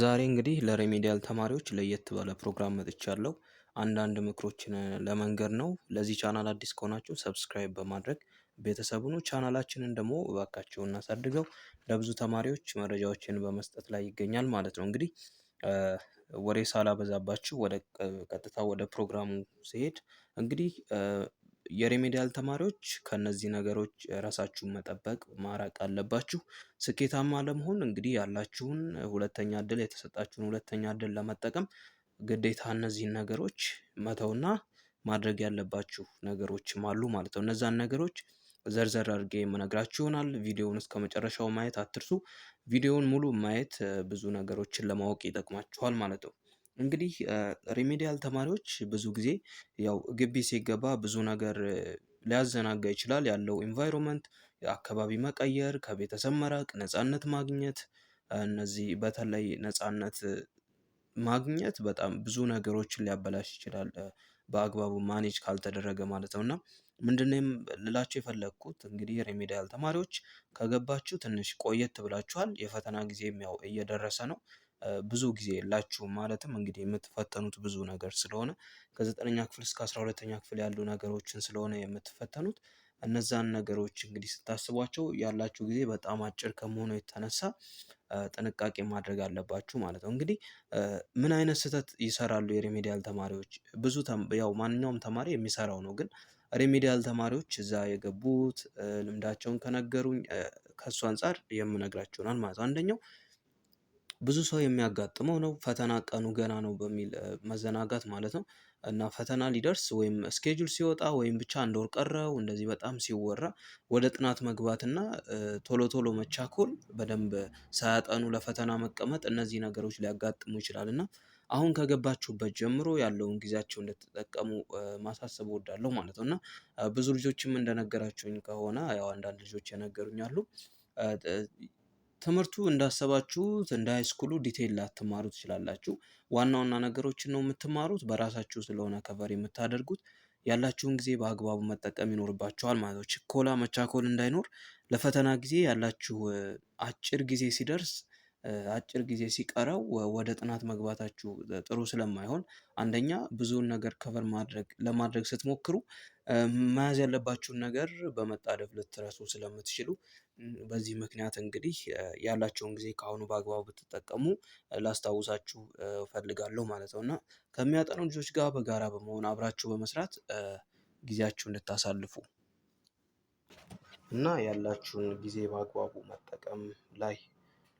ዛሬ እንግዲህ ለሬሜዲያል ተማሪዎች ለየት ባለ ፕሮግራም መጥቻለሁ። አንዳንድ ምክሮችን ለመንገር ነው። ለዚህ ቻናል አዲስ ከሆናችሁ ሰብስክራይብ በማድረግ ቤተሰቡኑ ቻናላችንን ደግሞ እባካችሁ እናሳድገው። ለብዙ ተማሪዎች መረጃዎችን በመስጠት ላይ ይገኛል ማለት ነው። እንግዲህ ወሬ ሳላበዛባችሁ ወደ ቀጥታ ወደ ፕሮግራሙ ሲሄድ እንግዲህ የሬሜዲያል ተማሪዎች ከነዚህ ነገሮች ራሳችሁን መጠበቅ ማራቅ አለባችሁ። ስኬታማ ለመሆን እንግዲህ ያላችሁን ሁለተኛ እድል የተሰጣችሁን ሁለተኛ እድል ለመጠቀም ግዴታ እነዚህን ነገሮች መተውና ማድረግ ያለባችሁ ነገሮችም አሉ ማለት ነው። እነዛን ነገሮች ዘርዘር አድርጌ የምነግራችሁ ይሆናል። ቪዲዮውን እስከ መጨረሻው ማየት አትርሱ። ቪዲዮውን ሙሉ ማየት ብዙ ነገሮችን ለማወቅ ይጠቅማችኋል ማለት ነው። እንግዲህ ሪሜዲያል ተማሪዎች ብዙ ጊዜ ያው ግቢ ሲገባ ብዙ ነገር ሊያዘናጋ ይችላል። ያለው ኤንቫይሮንመንት፣ አካባቢ መቀየር፣ ከቤተሰብ መራቅ፣ ነጻነት ማግኘት እነዚህ በተለይ ነጻነት ማግኘት በጣም ብዙ ነገሮችን ሊያበላሽ ይችላል በአግባቡ ማኔጅ ካልተደረገ ማለት ነው። እና ምንድነው ልላችሁ የፈለግኩት እንግዲህ ሪሜዲያል ተማሪዎች ከገባችሁ ትንሽ ቆየት ብላችኋል። የፈተና ጊዜም ያው እየደረሰ ነው ብዙ ጊዜ የላችሁም ማለትም እንግዲህ የምትፈተኑት ብዙ ነገር ስለሆነ ከዘጠነኛ ክፍል እስከ አስራ ሁለተኛ ክፍል ያሉ ነገሮችን ስለሆነ የምትፈተኑት እነዛን ነገሮች እንግዲህ ስታስቧቸው ያላችሁ ጊዜ በጣም አጭር ከመሆኑ የተነሳ ጥንቃቄ ማድረግ አለባችሁ ማለት ነው። እንግዲህ ምን አይነት ስህተት ይሰራሉ የሪሜዲያል ተማሪዎች? ብዙ ያው ማንኛውም ተማሪ የሚሰራው ነው። ግን ሪሜዲያል ተማሪዎች እዛ የገቡት ልምዳቸውን ከነገሩኝ ከእሱ አንፃር የምነግራችሁ ማለት ነው። አንደኛው ብዙ ሰው የሚያጋጥመው ነው ፈተና ቀኑ ገና ነው በሚል መዘናጋት ማለት ነው። እና ፈተና ሊደርስ ወይም ስኬጁል ሲወጣ ወይም ብቻ እንደወር ቀረው እንደዚህ በጣም ሲወራ ወደ ጥናት መግባትና ቶሎ ቶሎ መቻኮል በደንብ ሳያጠኑ ለፈተና መቀመጥ እነዚህ ነገሮች ሊያጋጥሙ ይችላል። እና አሁን ከገባችሁበት ጀምሮ ያለውን ጊዜያቸው እንደተጠቀሙ ማሳሰብ እወዳለሁ ማለት ነው። እና ብዙ ልጆችም እንደነገራችሁኝ ከሆነ ያው አንዳንድ ልጆች የነገሩኝ አሉ። ትምህርቱ እንዳሰባችሁት እንደ ሃይስኩሉ ዲቴይል ላትማሩ ትችላላችሁ። ዋና ዋና ነገሮችን ነው የምትማሩት። በራሳችሁ ስለሆነ ከቨር የምታደርጉት ያላችሁን ጊዜ በአግባቡ መጠቀም ይኖርባችኋል ማለት ነው። ችኮላ፣ መቻኮል እንዳይኖር ለፈተና ጊዜ ያላችሁ አጭር ጊዜ ሲደርስ አጭር ጊዜ ሲቀረው ወደ ጥናት መግባታችሁ ጥሩ ስለማይሆን አንደኛ ብዙውን ነገር ከቨር ማድረግ ለማድረግ ስትሞክሩ መያዝ ያለባችሁን ነገር በመጣደፍ ልትረሱ ስለምትችሉ በዚህ ምክንያት እንግዲህ ያላቸውን ጊዜ ከአሁኑ በአግባቡ ብትጠቀሙ ላስታውሳችሁ ፈልጋለሁ ማለት ነው። እና ከሚያጠኑ ልጆች ጋር በጋራ በመሆን አብራችሁ በመስራት ጊዜያችሁ እንድታሳልፉ እና ያላችሁን ጊዜ በአግባቡ መጠቀም ላይ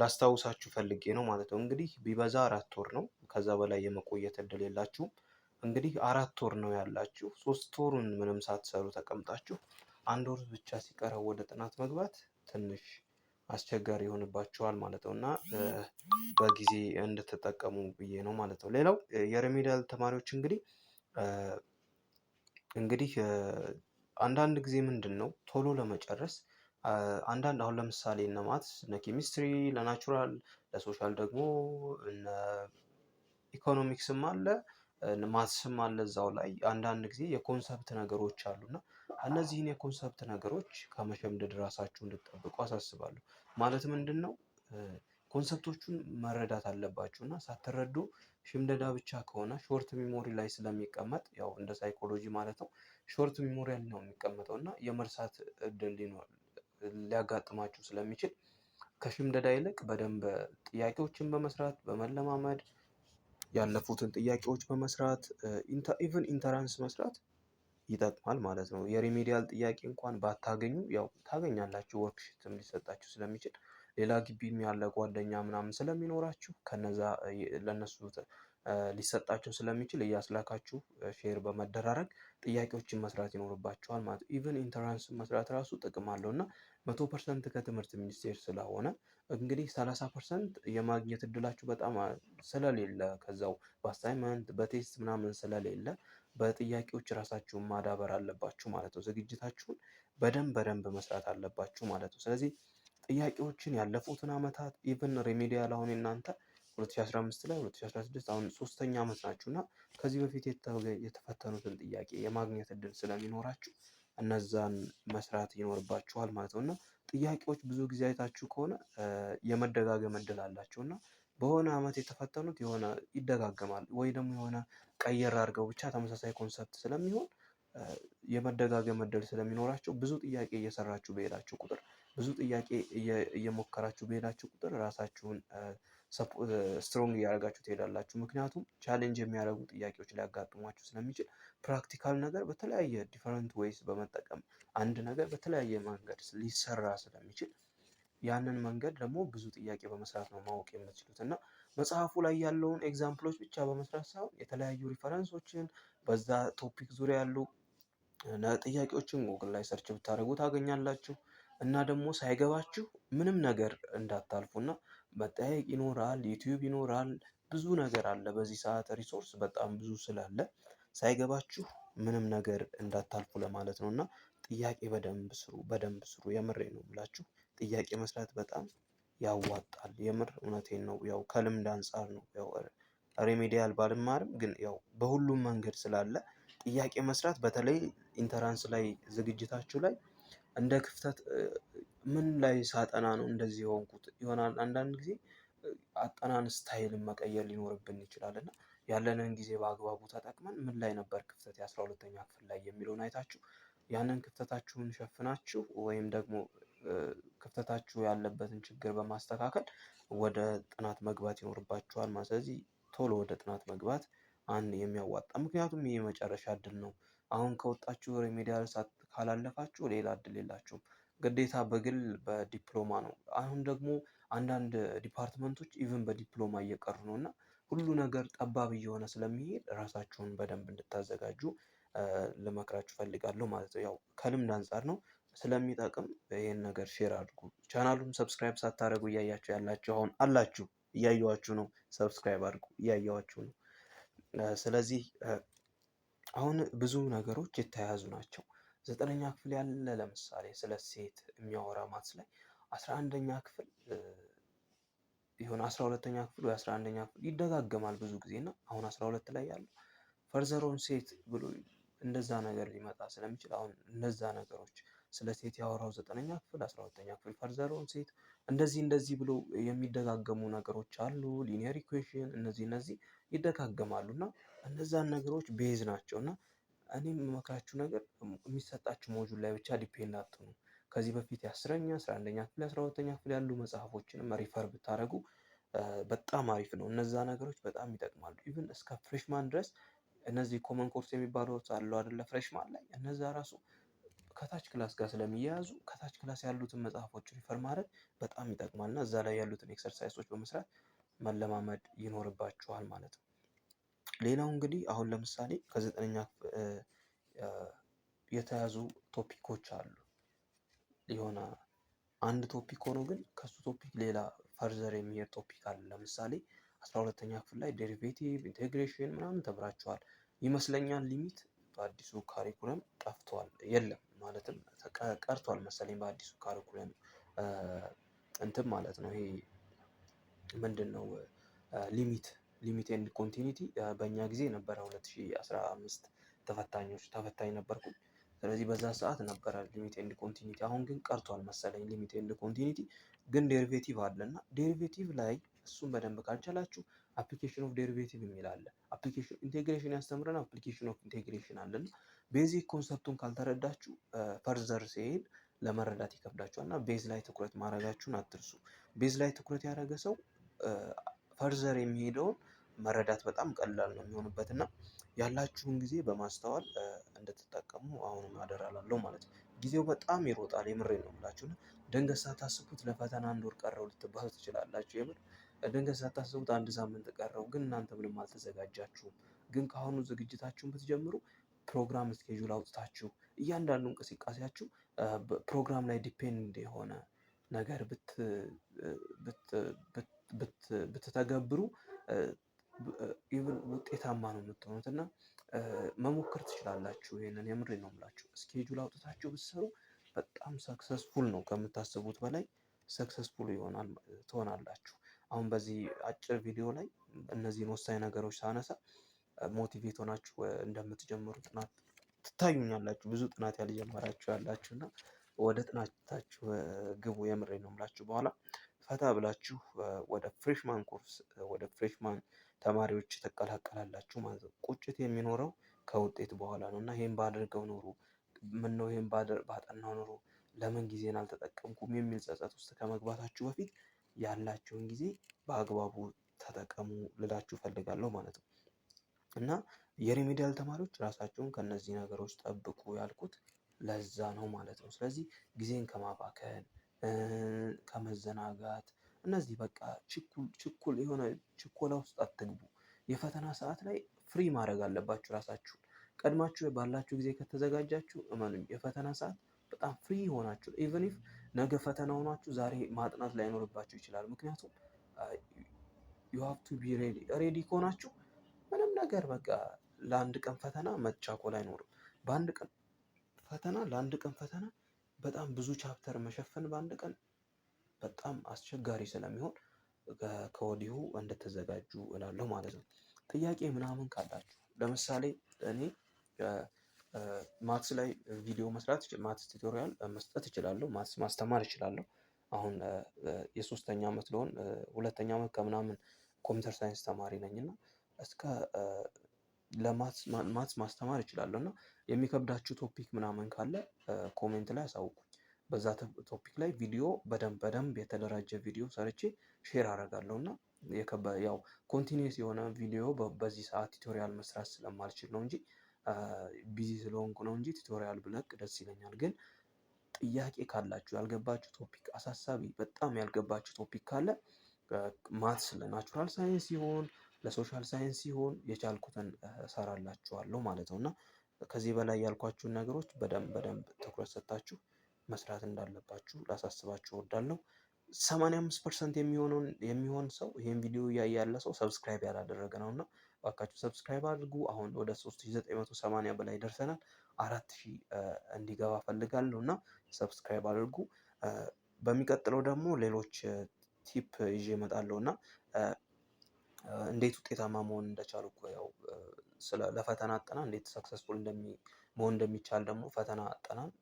ላስታውሳችሁ ፈልጌ ነው ማለት ነው። እንግዲህ ቢበዛ አራት ወር ነው። ከዛ በላይ የመቆየት እድል የላችሁም። እንግዲህ አራት ወር ነው ያላችሁ። ሶስት ወሩን ምንም ሳትሰሩ ተቀምጣችሁ አንድ ወር ብቻ ሲቀረው ወደ ጥናት መግባት ትንሽ አስቸጋሪ ይሆንባቸዋል ማለት ነው እና በጊዜ እንድትጠቀሙ ብዬ ነው ማለት ነው። ሌላው የሪሜዲያል ተማሪዎች እንግዲህ እንግዲህ አንዳንድ ጊዜ ምንድን ነው ቶሎ ለመጨረስ አንዳንድ አሁን ለምሳሌ እነ ማትስ እነ ኬሚስትሪ ለናቹራል ለሶሻል ደግሞ እነ ኢኮኖሚክስም አለ ማስም አለ እዛው ላይ አንዳንድ ጊዜ የኮንሰፕት ነገሮች አሉና እነዚህን የኮንሰፕት ነገሮች ከመሸምደድ ራሳችሁ እንድጠብቁ አሳስባለሁ። ማለት ምንድን ነው ኮንሰፕቶቹን መረዳት አለባችሁ እና ሳትረዱ ሽምደዳ ብቻ ከሆነ ሾርት ሚሞሪ ላይ ስለሚቀመጥ ያው እንደ ሳይኮሎጂ ማለት ነው ሾርት ሚሞሪ ነው የሚቀመጠው እና የመርሳት እድል ሊያጋጥማችሁ ስለሚችል ከሽምደዳ ይልቅ በደንብ ጥያቄዎችን በመስራት በመለማመድ ያለፉትን ጥያቄዎች በመስራት ኢቨን ኢንተራንስ መስራት ይጠቅማል ማለት ነው። የሪሜዲያል ጥያቄ እንኳን ባታገኙ ያው ታገኛላችሁ፣ ወርክሽትም ሊሰጣችሁ ስለሚችል ሌላ ግቢም ያለ ጓደኛ ምናምን ስለሚኖራችሁ ከነዛ ለነሱ ሊሰጣቸው ስለሚችል እያስላካችሁ ሼር በመደራረግ ጥያቄዎችን መስራት ይኖርባቸዋል ማለት ኢቨን ኢንተራንስ መስራት ራሱ ጥቅም አለው እና መቶ ፐርሰንት ከትምህርት ሚኒስቴር ስለሆነ እንግዲህ ሰላሳ ፐርሰንት የማግኘት እድላችሁ በጣም ስለሌለ ከዛው በአሳይመንት በቴስት ምናምን ስለሌለ በጥያቄዎች ራሳችሁን ማዳበር አለባችሁ ማለት ነው። ዝግጅታችሁን በደንብ በደንብ መስራት አለባችሁ ማለት ነው። ስለዚህ ጥያቄዎችን ያለፉትን ዓመታት ኢቨን ሪሜዲያል አሁን እናንተ 2015 ላይ 2016 አሁን ሶስተኛ ዓመት ናችሁ እና ከዚህ በፊት የተፈተኑትን ጥያቄ የማግኘት እድል ስለሚኖራችሁ እነዛን መስራት ይኖርባችኋል ማለት ነው እና ጥያቄዎች ብዙ ጊዜ አይታችሁ ከሆነ የመደጋገም እድል አላቸው እና በሆነ አመት የተፈተኑት የሆነ ይደጋገማል ወይ ደግሞ የሆነ ቀየር አድርገው ብቻ ተመሳሳይ ኮንሰፕት ስለሚሆን የመደጋገም እድል ስለሚኖራቸው ብዙ ጥያቄ እየሰራችሁ በሄዳችሁ ቁጥር ብዙ ጥያቄ እየሞከራችሁ በሄዳችሁ ቁጥር ራሳችሁን ስትሮንግ እያደረጋችሁ ትሄዳላችሁ። ምክንያቱም ቻሌንጅ የሚያደርጉ ጥያቄዎች ሊያጋጥሟችሁ ስለሚችል ፕራክቲካል ነገር በተለያየ ዲፈረንት ወይስ በመጠቀም አንድ ነገር በተለያየ መንገድ ሊሰራ ስለሚችል ያንን መንገድ ደግሞ ብዙ ጥያቄ በመስራት ነው ማወቅ የምትችሉት እና መጽሐፉ ላይ ያለውን ኤግዛምፕሎች ብቻ በመስራት ሳይሆን የተለያዩ ሪፈረንሶችን በዛ ቶፒክ ዙሪያ ያሉ ጥያቄዎችን ጉግል ላይ ሰርች ብታደርጉ ታገኛላችሁ። እና ደግሞ ሳይገባችሁ ምንም ነገር እንዳታልፉ እና መጠያየቅ ይኖራል፣ ዩቲዩብ ይኖራል፣ ብዙ ነገር አለ። በዚህ ሰዓት ሪሶርስ በጣም ብዙ ስላለ ሳይገባችሁ ምንም ነገር እንዳታልፉ ለማለት ነው እና ጥያቄ በደንብ ስሩ፣ በደንብ ስሩ። የምሬ ነው ብላችሁ ጥያቄ መስራት በጣም ያዋጣል። የምር እውነቴን ነው። ያው ከልምድ አንጻር ነው ያው ሬሜዲያል ባልማርም ግን ያው በሁሉም መንገድ ስላለ ጥያቄ መስራት በተለይ ኢንተራንስ ላይ ዝግጅታችሁ ላይ እንደ ክፍተት ምን ላይ ሳጠና ነው እንደዚህ የሆንኩት ይሆናል። አንዳንድ ጊዜ አጠናን ስታይልን መቀየር ሊኖርብን ይችላል እና ያለንን ጊዜ በአግባቡ ተጠቅመን ምን ላይ ነበር ክፍተት የአስራ ሁለተኛ ክፍል ላይ የሚለውን አይታችሁ ያንን ክፍተታችሁን ሸፍናችሁ ወይም ደግሞ ክፍተታችሁ ያለበትን ችግር በማስተካከል ወደ ጥናት መግባት ይኖርባችኋል ስለዚህ ቶሎ ወደ ጥናት መግባት አንድ የሚያዋጣ ምክንያቱም ይህ የመጨረሻ እድል ነው። አሁን ከወጣችሁ ሪሜዲያል ካላለፋችሁ ሌላ እድል የላችሁም። ግዴታ በግል በዲፕሎማ ነው። አሁን ደግሞ አንዳንድ ዲፓርትመንቶች ኢቭን በዲፕሎማ እየቀሩ ነው እና ሁሉ ነገር ጠባብ እየሆነ ስለሚሄድ ራሳችሁን በደንብ እንድታዘጋጁ ልመክራችሁ ፈልጋለሁ ማለት ነው። ያው ከልምድ አንጻር ነው ስለሚጠቅም ይህን ነገር ሼር አድርጉ። ቻናሉን ሰብስክራይብ ሳታደርጉ እያያችሁ ያላችሁ አሁን አላችሁ እያየዋችሁ ነው። ሰብስክራይብ አድርጉ እያየዋችሁ ነው። ስለዚህ አሁን ብዙ ነገሮች የተያያዙ ናቸው። ዘጠነኛ ክፍል ያለ ለምሳሌ ስለ ሴት የሚያወራ ማትስ ላይ አስራ አንደኛ ክፍል ቢሆን አስራ ሁለተኛ ክፍል ወይ አስራ አንደኛ ክፍል ይደጋገማል ብዙ ጊዜ እና አሁን አስራ ሁለት ላይ ያለው ፈርዘሮን ሴት ብሎ እንደዛ ነገር ሊመጣ ስለሚችል አሁን እነዛ ነገሮች ስለ ሴት ያወራው ዘጠነኛ ክፍል አስራ ሁለተኛ ክፍል ፈርዘሮን ሴት እንደዚህ እንደዚህ ብሎ የሚደጋገሙ ነገሮች አሉ። ሊኒየር ኢኩዌሽን እነዚህ እነዚህ ይደጋገማሉ እና እነዛን ነገሮች ቤዝ ናቸው እና እኔ የምመክራችሁ ነገር የሚሰጣችሁ ሞጁል ላይ ብቻ ዲፔንድ አትሁኑ። ከዚህ በፊት የአስረኛ አስራ አንደኛ ክፍል አስራ ሁለተኛ ክፍል ያሉ መጽሐፎችንም ሪፈር ብታደረጉ በጣም አሪፍ ነው። እነዛ ነገሮች በጣም ይጠቅማሉ። ኢቭን እስከ ፍሬሽማን ድረስ እነዚህ ኮመን ኮርስ የሚባሉት አለው አደለ? ፍሬሽማን ላይ እነዛ ራሱ ከታች ክላስ ጋር ስለሚያያዙ ከታች ክላስ ያሉትን መጽሐፎች ሪፈር ማድረግ በጣም እና እዛ ላይ ያሉትን ኤክሰርሳይሶች በመስራት መለማመድ ይኖርባችኋል ማለት ነው። ሌላው እንግዲህ አሁን ለምሳሌ ከዘጠነኛ የተያዙ ቶፒኮች አሉ። የሆነ አንድ ቶፒክ ሆኖ ግን ከሱ ቶፒክ ሌላ ፈርዘር የሚሄድ ቶፒክ አለ። ለምሳሌ አስራ ሁለተኛ ክፍል ላይ ዴሪቬቲቭ ኢንቴግሬሽን ምናምን ተምራችኋል ይመስለኛል። ሊሚት በአዲሱ ካሪኩለም ጠፍቷል፣ የለም ማለትም ቀርቷል መሰለኝ በአዲሱ ካሪኩለም እንትን ማለት ነው። ይሄ ምንድን ነው ሊሚት ሊሚት ኤንድ ኮንቲኒቲ በእኛ ጊዜ ነበረ 2015 ተፈታኞች ተፈታኝ ነበርኩ። ስለዚህ በዛ ሰዓት ነበረ ሊሚት ኤንድ ኮንቲኒቲ። አሁን ግን ቀርቷል መሰለኝ ሊሚት ኤንድ ኮንቲኒቲ፣ ግን ዴሪቬቲቭ አለ እና ዴሪቬቲቭ ላይ እሱን በደንብ ካልቻላችሁ አፕሊኬሽን ኦፍ ዴሪቬቲቭ የሚል አለ። አፕሊኬሽን ኢንቴግሬሽን ያስተምረን፣ አፕሊኬሽን ኦፍ ኢንቴግሬሽን አለና ቤዚክ ኮንሰፕቱን ካልተረዳችሁ ፈርዘር ሲሄድ ለመረዳት ይከብዳችኋል እና ቤዝ ላይ ትኩረት ማድረጋችሁን አትርሱ። ቤዝ ላይ ትኩረት ያደረገ ሰው ፈርዘር የሚሄደውን መረዳት በጣም ቀላል ነው የሚሆንበት እና ያላችሁን ጊዜ በማስተዋል እንድትጠቀሙ አሁንም አደራ ማለት ነው። ጊዜው በጣም ይሮጣል። የምሬ ነው የምላችሁ እና ሳታስቡት ለፈተና አንድ ወር ቀረው ልትባሉ ትችላላችሁ። የምር ደንገት ሳታስቡት አንድ ሳምንት ቀረው፣ ግን እናንተ ምንም አልተዘጋጃችሁም። ግን ከአሁኑ ዝግጅታችሁን ብትጀምሩ ፕሮግራም እስኬጁል አውጥታችሁ እያንዳንዱ እንቅስቃሴያችሁ ፕሮግራም ላይ ዲፔንድ የሆነ ነገር ብትተገብሩ ኢቭን ውጤታማ ነው የምትሆኑት እና መሞከር ትችላላችሁ። ይህንን የምሬ ነው የምላችሁ። እስኬጁል አውጥታችሁ ብትሰሩ በጣም ሰክሰስፉል ነው ከምታስቡት በላይ ሰክሰስፉል ይሆናል ትሆናላችሁ። አሁን በዚህ አጭር ቪዲዮ ላይ እነዚህን ወሳኝ ነገሮች ሳነሳ ሞቲቬት ሆናችሁ እንደምትጀምሩ ጥናት ትታዩኛላችሁ። ብዙ ጥናት ያልጀመራችሁ ያላችሁ እና ወደ ጥናታችሁ ግቡ። የምሬ ነው የምላችሁ። በኋላ ፈታ ብላችሁ ወደ ፍሬሽማን ኮርስ ወደ ፍሬሽማን ተማሪዎች ትቀላቀላላችሁ ማለት ነው። ቁጭት የሚኖረው ከውጤት በኋላ ነው እና ይህን ባደርገው ኖሮ ነው ይህን ባጠናው ኖሮ ለምን ጊዜን አልተጠቀምኩም የሚል ጸጸት ውስጥ ከመግባታችሁ በፊት ያላችሁን ጊዜ በአግባቡ ተጠቀሙ ልላችሁ ፈልጋለሁ ማለት ነው። እና የሪሚዲያል ተማሪዎች ራሳቸውን ከእነዚህ ነገሮች ጠብቁ ያልኩት ለዛ ነው ማለት ነው። ስለዚህ ጊዜን ከማባከን ከመዘናጋት እነዚህ በቃ ችኩል ችኩል የሆነ ችኮላ ውስጥ አትግቡ። የፈተና ሰዓት ላይ ፍሪ ማድረግ አለባችሁ ራሳችሁን። ቀድማችሁ ባላችሁ ጊዜ ከተዘጋጃችሁ እመኑኝ የፈተና ሰዓት በጣም ፍሪ ሆናችሁ ኢቨን ኢፍ ነገ ፈተና ሆናችሁ ዛሬ ማጥናት ላይኖርባችሁ ይችላል። ምክንያቱም ዩ ቱ ቢ ሬዲ ሬዲ ከሆናችሁ ምንም ነገር በቃ ለአንድ ቀን ፈተና መቻኮል አይኖርም። በአንድ ቀን ፈተና ለአንድ ቀን ፈተና በጣም ብዙ ቻፕተር መሸፈን በአንድ ቀን በጣም አስቸጋሪ ስለሚሆን ከወዲሁ እንድትዘጋጁ እላለሁ ማለት ነው። ጥያቄ ምናምን ካላችሁ ለምሳሌ እኔ ማትስ ላይ ቪዲዮ መስራት ማትስ ቱቶሪያል መስጠት እችላለሁ። ማትስ ማስተማር እችላለሁ። አሁን የሶስተኛ ዓመት ለሆን ሁለተኛ ዓመት ከምናምን ኮምፒውተር ሳይንስ ተማሪ ነኝ እና እስከ ለማትስ ማስተማር እችላለሁ እና የሚከብዳችሁ ቶፒክ ምናምን ካለ ኮሜንት ላይ አሳውቁ። በዛ ቶፒክ ላይ ቪዲዮ በደንብ በደንብ የተደራጀ ቪዲዮ ሰርቼ ሼር አደርጋለሁ እና ያው ኮንቲኒስ የሆነ ቪዲዮ በዚህ ሰዓት ቱቶሪያል መስራት ስለማልችል ነው እንጂ ቢዚ ስለሆንኩ ነው እንጂ ቱቶሪያል ብለቅ ደስ ይለኛል። ግን ጥያቄ ካላችሁ ያልገባችሁ ቶፒክ አሳሳቢ፣ በጣም ያልገባችሁ ቶፒክ ካለ ማትስ ለናቹራል ሳይንስ ሲሆን ለሶሻል ሳይንስ ሲሆን የቻልኩትን እሰራላችኋለሁ ማለት ነው እና ከዚህ በላይ ያልኳችሁን ነገሮች በደንብ በደንብ ትኩረት ሰጥታችሁ መስራት እንዳለባችሁ ላሳስባችሁ እወዳለሁ። 85 ፐርሰንት የሚሆነውን የሚሆን ሰው ይህን ቪዲዮ እያየ ያለ ሰው ሰብስክራይብ ያላደረገ ነው እና ባካችሁ ሰብስክራይብ አድርጉ። አሁን ወደ 3980 በላይ ደርሰናል። 4000 እንዲገባ ፈልጋለሁ እና ሰብስክራይብ አድርጉ። በሚቀጥለው ደግሞ ሌሎች ቲፕ ይዤ እመጣለሁ እና እንዴት ውጤታማ መሆን እንደቻሉ ያው ለፈተና አጠና እንዴት ሰክሰስፉል መሆን እንደሚቻል ደግሞ ፈተና አጠናን